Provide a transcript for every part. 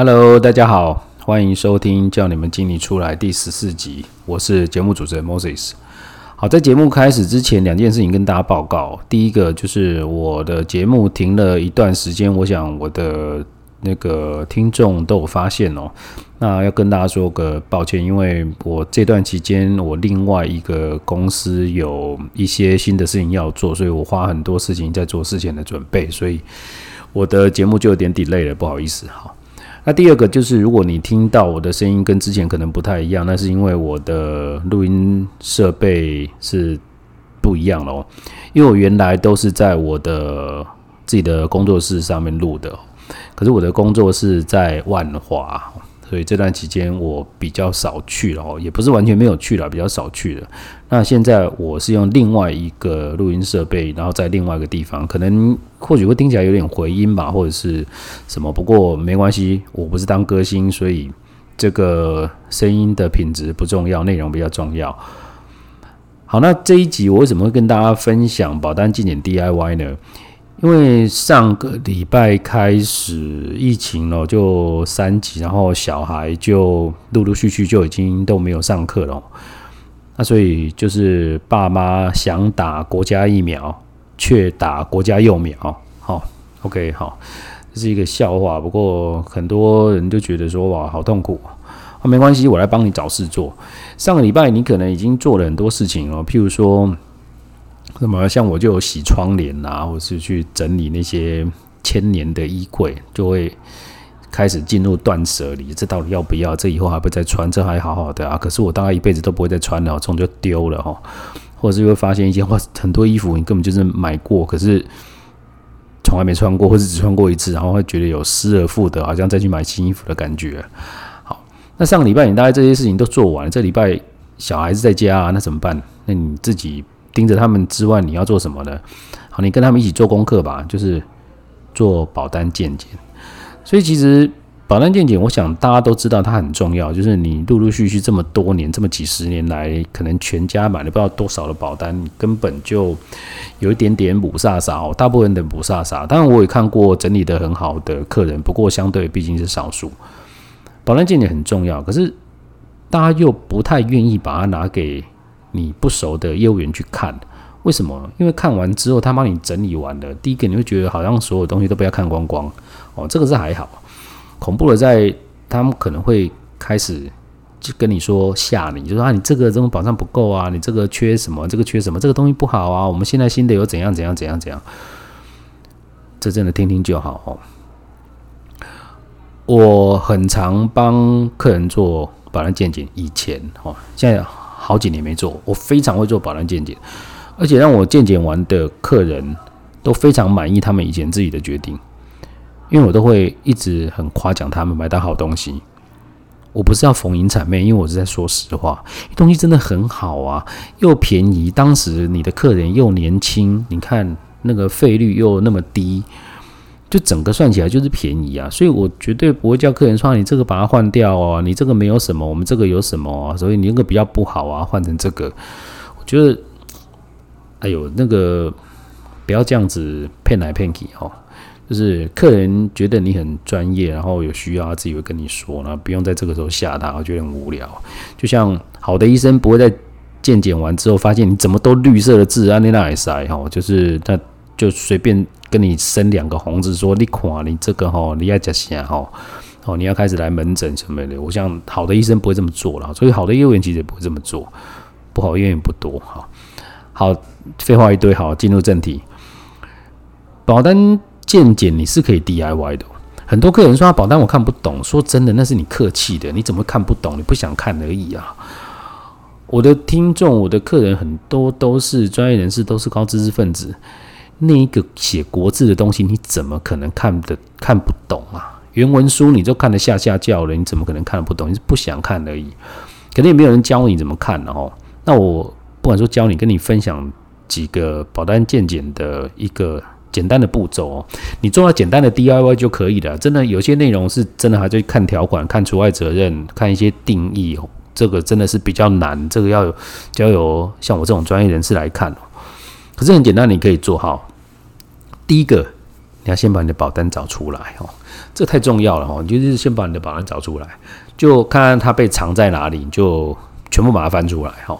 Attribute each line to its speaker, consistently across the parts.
Speaker 1: Hello，大家好，歡迎收聽《叫你們經理出來》第十四集，我是節目主持人 Moses。好，在節目開始之前，兩件事情跟大家報告。第一個就是我的節目停了一段時間，我想我的那個聽眾都有發現哦。那要跟大家說個抱歉，因為我這段期間，我另外一個公司有一些新的事情要做，所以我花很多事情在做事前的準備，所以我的節目就有點 delay 了，不好意思哈。那第二個就是，如果你聽到我的聲音跟之前可能不太一樣，那是因為我的錄音設備是不一樣咯。因為我原來都是在我的自己的工作室上面錄的，可是我的工作室在萬華。所以這段期間我比較少去了，也不是完全沒有去了，比較少去了。那現在我是用另外一個錄音設備，然後在另外一個地方，可能或許會聽起來有點回音吧，或者是什麼。不過沒關係，我不是當歌星，所以這個聲音的品質不重要，內容比較重要。好，那這一集我為什麼會跟大家分享保單健檢 DIY 呢？因為上個禮拜開始疫情咯，就三級，然後小孩就陸陸續續就已經都沒有上課了。那所以就是爸媽想打國家疫苗，卻打國家幼苗。好，OK，好，這是一個笑話。不過很多人就覺得說哇，好痛苦。啊，沒關係，我來幫你找事做。上個禮拜你可能已經做了很多事情哦，譬如說。那麼像我就有洗窗簾啊，或是去整理那些千年的衣櫃，就會開始進入斷捨離。這到底要不要？這以後還會再穿？這還好好的啊，可是我大概一輩子都不會再穿了，總就丟了哦。或者是會發現一些哇，很多衣服你根本就是買過，可是從來沒穿過，或是只穿過一次，然後會覺得有失而復得，好像再去買新衣服的感覺。好，那上個禮拜你大概這些事情都做完了，這禮拜小孩子在家啊，那怎麼辦？那你自己。盯着他們之外，你要做什麼呢？好，你跟他們一起做功課吧，就是做保單健檢。所以其實保單健檢，我想大家都知道它很重要，就是你陸陸續續這麼多年，這麼幾十年來，可能全家買了不知道多少的保單，你根本就有一點點霧煞煞，哦，大部分的霧煞煞。當然，我也看過整理得很好的客人，不過相對畢竟是少數。保單健檢很重要，可是大家又不太願意把它拿給你不熟的業務員去看，為什麼？因為看完之後，他幫你整理完了。第一個，你會覺得好像所有東西都不要看光光哦，這個是還好。恐怖的在他們可能會開始就跟你說嚇你，就說啊，你這個這種保障不夠啊，你這個缺什麼？這個缺什麼？這個東西不好啊！我們現在新的又怎樣怎樣怎樣怎樣？這真的聽聽就好哦。我很常幫客人做保障健檢，以前哦，現在。好幾年沒做，我非常會做保單健檢，而且讓我健檢完的客人都非常滿意他們以前自己的決定，因為我都會一直很誇獎他們買到好東西。我不是要逢迎諂媚，因為我是在說實話，東西真的很好啊，又便宜。當時你的客人又年輕，你看那個費率又那麼低。就整個算起來就是便宜啊，所以我絕對不會叫客人說你這個把它換掉哦、啊，你這個沒有什麼，我們這個有什麼啊？所以你那個比較不好啊，換成這個。我覺得，哎呦，那個不要這樣子騙來騙去哦，就是客人覺得你很專業，然後有需要他自己會跟你說呢，不用在這個時候嚇他，我覺得很無聊。就像好的醫生不會在健檢完之後發現你怎麼都綠色的字啊，那那還是哎哈，就是他。就隨便跟你生兩個紅字，說你垮，你這個吼，你要加錢吼哦，你要開始來門診什麼的。我想好的醫生不會這麼做了，所以好的業務員其實也不會這麼做，不好業務員不多哈。好，廢話一堆，好，進入正題。保單健檢你是可以 DIY 的，很多客人說保單我看不懂，說真的那是你客氣的，你怎麼看不懂？你不想看而已啊。我的聽眾，我的客人很多都是專業人士，都是高知識分子。那一個寫國字的東西，你怎麼可能看的看不懂啊？原文書你就看得下下叫了，你怎麼可能看得不懂？你是不想看而已，肯定也沒有人教你怎麼看的哦。那我不管說教你，跟你分享幾個保單健檢的一個簡單的步驟哦。你做到簡單的 DIY 就可以了。真的有些內容是真的還在看條款、看除外責任、看一些定義哦，這個真的是比較難，這個要有要有像我這種專業人士來看。可是很簡單，你可以做哈。第一個，你要先把你的保單找出來哦，這太重要了哦。你就是先把你的保單找出來，就看看它被藏在哪裡，你就全部把它翻出來哈。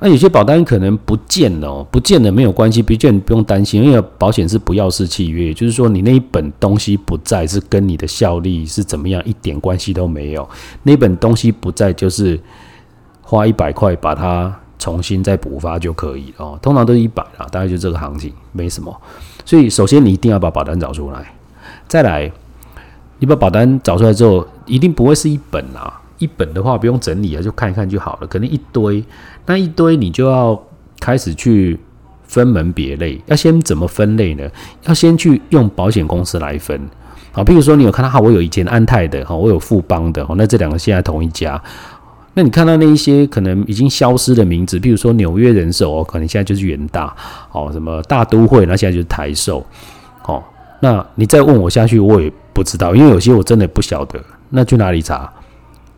Speaker 1: 那有些保單可能不見了，不見了沒有關係，不見不用擔心，因為保險是不要式契約，就是說你那一本東西不在，是跟你的效力是怎麼樣一點關係都沒有。那本東西不在，就是花一百塊把它。重新再補發就可以哦，通常都是一百啊，大概就這個行情，沒什麼。所以首先你一定要把保單找出來，再來，你把保單找出來之後，一定不會是一本啊，一本的話不用整理啊，就看一看就好了。可能一堆，那一堆你就要開始去分門別類。要先怎麼分類呢？要先去用保險公司來分。好，譬如說你有看到，哈，我有以前安泰的，哈，我有富邦的，那這兩個現在同一家。那你看到那一些可能已經消失的名字，比如說紐約人壽哦，可能現在就是元大哦，什麼大都會，那現在就是台壽哦。那你再問我下去，我也不知道，因為有些我真的不曉得。那去哪裡查？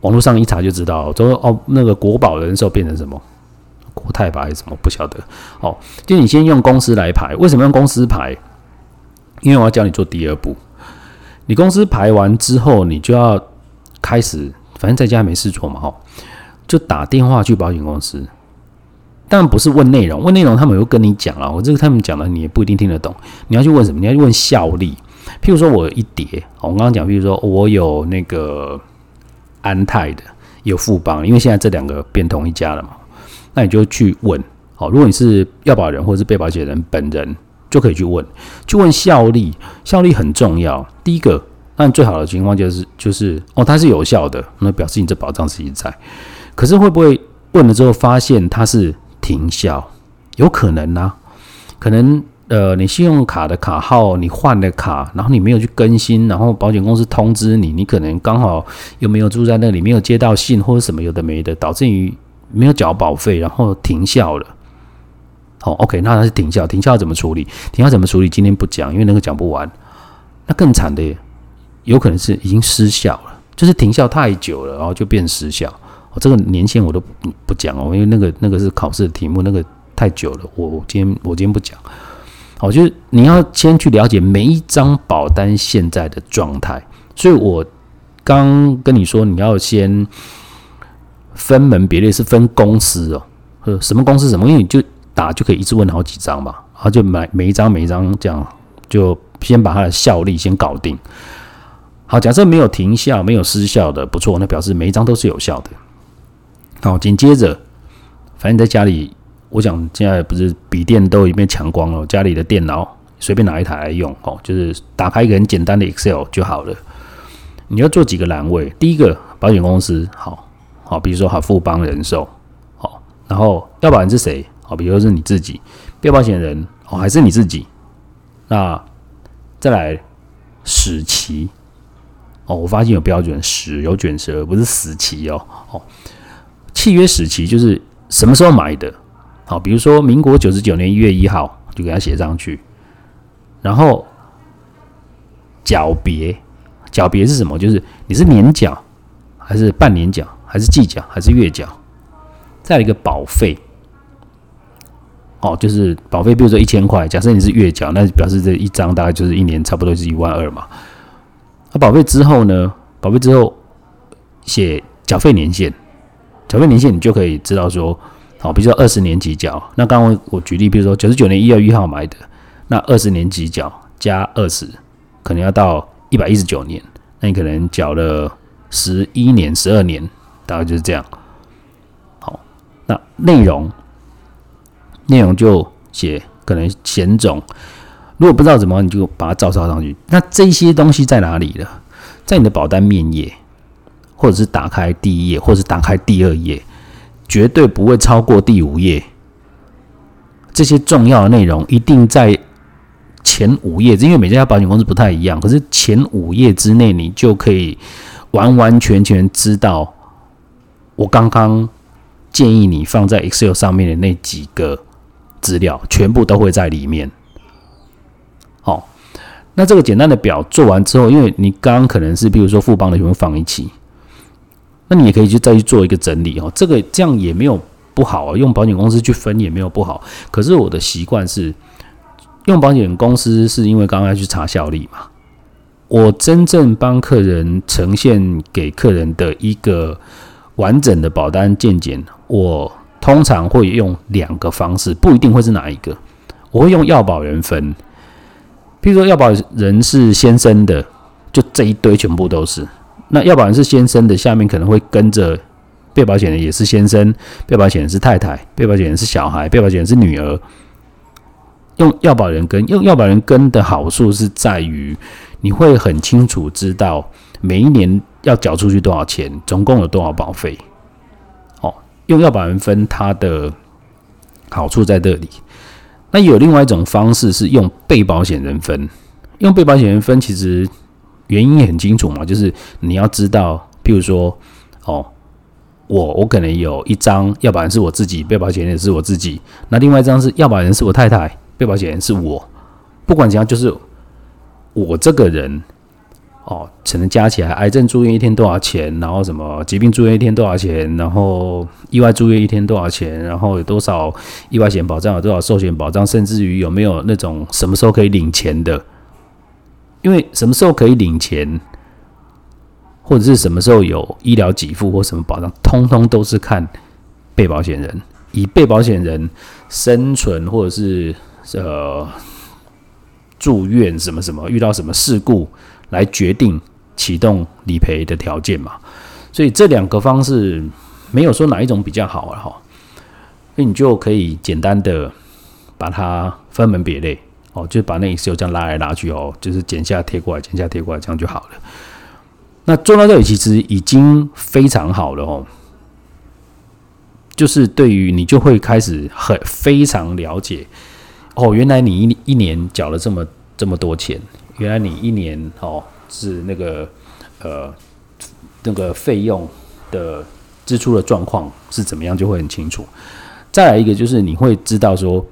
Speaker 1: 網絡上一查就知道。說哦，那個國寶人壽變成什麼國泰吧，還是什麼？不曉得。好，就你先用公司來排。為什麼用公司排？因為我要教你做第二步。你公司排完之後，你就要開始。反正在家沒事做嘛，吼，就打電話去保險公司。當然不是問內容，問內容他們又跟你講了。我這個他們講的你也不一定聽得懂。你要去問什麼？你要去問效力。譬如說我有一疊，我剛剛講，譬如說我有那個安泰的，有富邦，因為現在這兩個變同一家了嘛。那你就去問。好，如果你是要保人或者是被保險人本人，就可以去問，去問效力。效力很重要。第一個。但最好的情況就是就是哦，它是有效的，那表示你這保障是一直在。可是會不會問了之後發現它是停效？有可能啊，可能呃，你信用卡的卡號你換了卡，然後你沒有去更新，然後保險公司通知你，你可能剛好又沒有住在那裡，沒有接到信或者什麼有的沒的，導致於沒有繳保費，然後停效了。好，哦，OK，那它是停效，停效怎麼處理？停效怎麼處理？今天不講，因為那個講不完。那更慘的。有可能是已經失效了，就是停效太久了，然後就變失效。哦，這個年限我都不不講哦，因為那個那個是考試的題目，那個太久了。我今天我今天不講。哦，就是你要先去了解每一張保單現在的狀態。所以我剛跟你說，你要先分門別類，是分公司哦，呃，什麼公司什麼，因為你就打就可以一次問好幾張嘛，然後就買每一張每一張這樣，就先把它的效力先搞定。好，假設沒有停效，沒有失效的，不錯，那表示每一張都是有效的。好，緊接着，反正在家裡，我想現在不是筆電都已經被搶光了，家裡的電腦隨便拿一台來用，哦，就是打開一個很簡單的 Excel 就好了。你要做幾個欄位？第一個，保險公司，好好，比如說好富邦人壽，好，然後要保人是誰？好，比如說是你自己，被保險人哦，還是你自己？那再來使其。時期哦，我發現有標準史，有捲舌，不是死期哦。哦，契約始期就是什麼時候買的？好、哦，比如說民國九十九年一月一號就給他寫上去。然後繳別，繳別是什麼？就是你是年繳還是半年繳，還是季繳還是月繳？再一個保費，哦，就是保費比如說一千塊，假設你是月繳，那表示這一張大概就是一年差不多是一萬二嘛。那保費之後呢？保費之後寫繳費年限，繳費年限你就可以知道說，好，比如說二十年期繳。那剛剛我舉例，比如說九十九年一月一號買的，那二十年期繳加二十，可能要到一百一十九年。那你可能繳了十一年、十二年，大概就是這樣。好，那內容內容就寫可能險種。如果不知道怎麼，你就把它照抄上去。那這些東西在哪裡呢？在你的保單面頁，或者是打開第一頁，或者是打開第二頁，絕對不會超過第五頁。這些重要的內容一定在前五頁。因為每家保險公司不太一樣，可是前五頁之內，你就可以完完全全知道我剛剛建議你放在 Excel 上面的那幾個資料，全部都會在裡面。好、哦，那這個簡單的表做完之後，因為你剛剛可能是，比如說富邦的全部放一起，那你也可以去再去做一個整理哦。這個這樣也沒有不好啊，用保險公司去分也沒有不好。可是我的習慣是用保險公司，是因為剛剛要去查效率嘛。我真正幫客人呈現給客人的一個完整的保單健檢，我通常會用兩個方式，不一定會是哪一個，我會用要保人分。譬如說，要保人是先生的，就這一堆全部都是。那要保人是先生的，下面可能會跟着被保險人也是先生，被保險人是太太，被保險人是小孩，被保險人是女兒。用要保人跟用要保人跟的好處是在於，你會很清楚知道每一年要繳出去多少錢，總共有多少保費。好，哦，用要保人分，它的好處在這裡。那有另外一種方式是用被保險人分，用被保險人分，其實原因也很清楚嘛，就是你要知道，譬如說，哦，我我可能有一張要保人是我自己，被保險人是我自己；那另外一張是要保人是我太太，被保險人是我。不管怎樣，就是我這個人。哦，只能加起來，癌症住院一天多少錢？然後什麼疾病住院一天多少錢？然後意外住院一天多少錢？然後有多少意外險保障？有多少壽險保障？甚至於有沒有那種什麼時候可以領錢的？因為什麼時候可以領錢，或者是什麼時候有醫療給付或什麼保障，通通都是看被保險人，以被保險人生存，或者是呃住院什麼什麼，遇到什麼事故。來決定啟動理賠的條件嘛？所以這兩個方式沒有說哪一種比較好了哈。那你就可以簡單的把它分門別類哦，就把那 Excel 這樣拉來拉去哦，就是剪下貼過來，剪下貼過來，這樣就好了。那做到這裡其實已經非常好了哦，就是對於你就會開始很非常了解哦，原來你一一年繳了這麼這麼多錢。原來你一年哦，是那個呃，那個費用的支出的狀況是怎麼樣，就會很清楚。再來一個就是你會知道說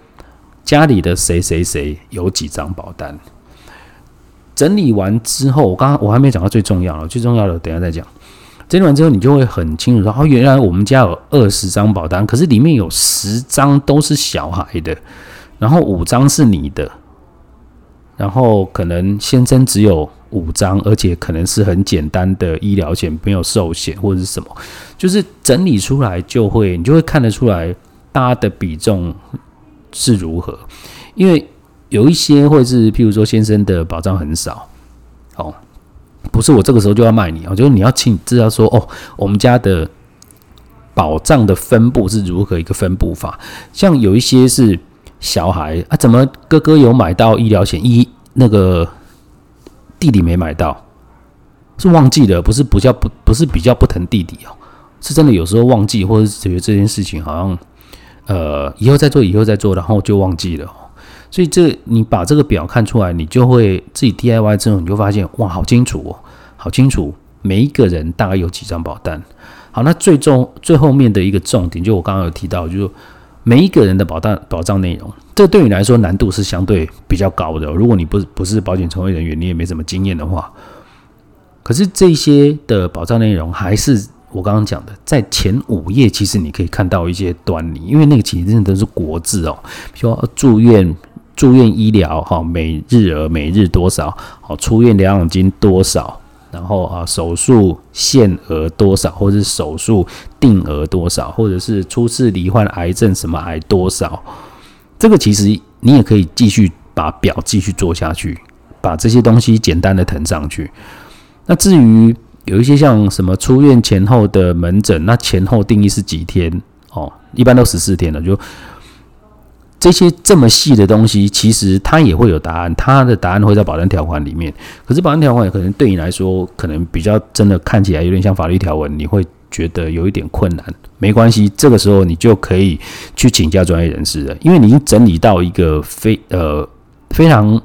Speaker 1: 家裡的誰誰誰有幾張保單。整理完之後，我剛剛我還沒講到最重要的，最重要的等一下再講。整理完之後，你就會很清楚說哦，原來我們家有二十張保單，可是裡面有十張都是小孩的，然後五張是你的。然後可能先生只有五張，而且可能是很簡單的醫療險，沒有壽險或者是什麼，就是整理出來就會你就會看得出來，大家的比重是如何。因為有一些會是譬如說先生的保障很少，哦，不是我這個時候就要賣你啊，就是你要請知道說哦，我們家的保障的分布是如何一個分布法。像有一些是小孩啊，怎麼哥哥有買到醫療險一。那個弟弟沒買到，是忘記的，不是不叫不不是比較不疼弟弟哦、喔，是真的有時候忘記或者覺得這件事情，好像呃以後再做以後再做，然後就忘記了、喔，所以這你把這個表看出來，你就會自己 DIY 之後，你就發現哇好清楚哦，好清楚,、喔、好清楚每一個人大概有幾張保單。好，那最終最後面的一個重點，就我剛剛有提到，就是每一個人的保單保障內容。這對你來說難度是相對比較高的。如果你不不是保險從業人員，你也沒什麼經驗的話，可是這些的保障內容還是我剛剛講的，在前五頁其實你可以看到一些端倪，因為那個其實真的都是國字哦，比如說住院住院醫療哈，每日額每日多少，好，出院療養金多少，然後啊手術限額多少，或者是手術定額多少，或者是初次罹患癌症什麼癌多少。這個其實你也可以繼續把表繼續做下去，把這些東西簡單的謄上去。那至於有一些像什麼出院前後的門診，那前後定義是幾天哦，一般都十四天的。就這些這麼細的東西，其實它也會有答案，它的答案會在保單條款裡面。可是保單條款也可能對你來說，可能比較真的看起來有點像法律條文，你會。覺得有一點困難，沒關係。這個時候你就可以去請教專業人士了，因為你已經整理到一個非呃非常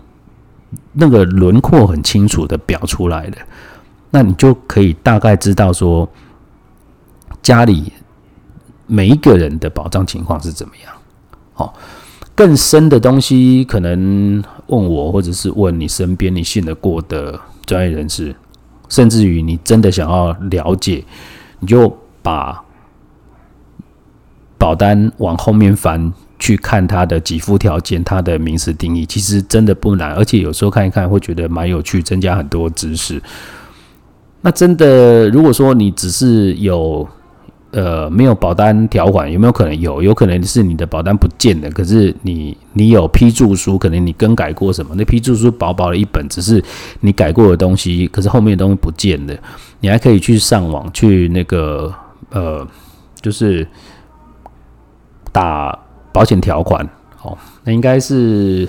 Speaker 1: 那個輪廓很清楚的表出來了。那你就可以大概知道說，家裡每一個人的保障情況是怎麼樣。好，更深的東西可能問我，或者是問你身邊你信得過的專業人士，甚至於你真的想要了解。你就把保單往後面翻去看它的給付條件、它的名詞定義，其實真的不難，而且有時候看一看會覺得蠻有趣，增加很多知識。那真的，如果說你只是有。呃，沒有保單條款，有沒有可能有？有可能是你的保單不見了，可是你你有批註書，可能你更改過什麼？那批註書薄，薄薄的一本，只是你改過的東西，可是後面的東西不見了，你還可以去上網去那個呃，就是打保險條款。哦，那應該是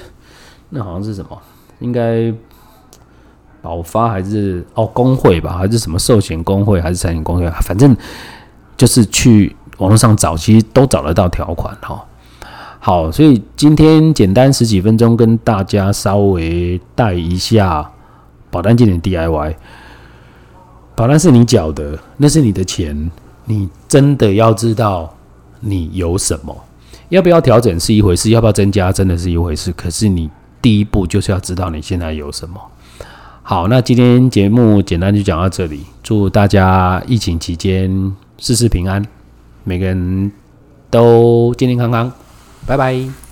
Speaker 1: 那好像是什麼？應該保發還是哦公會吧？還是什麼壽險公會還是產險公會？反正。就是去網絡上找，其實都找得到條款哈。好，所以今天簡單十幾分鐘跟大家稍微帶一下保單健檢 DIY。保單是你繳的，那是你的錢，你真的要知道你有什麼，要不要調整是一回事，要不要增加真的是一回事。可是你第一步就是要知道你現在有什麼。好，那今天節目簡單就講到這裡，祝大家疫情期間。事事平安，每個人都健健康康，拜拜。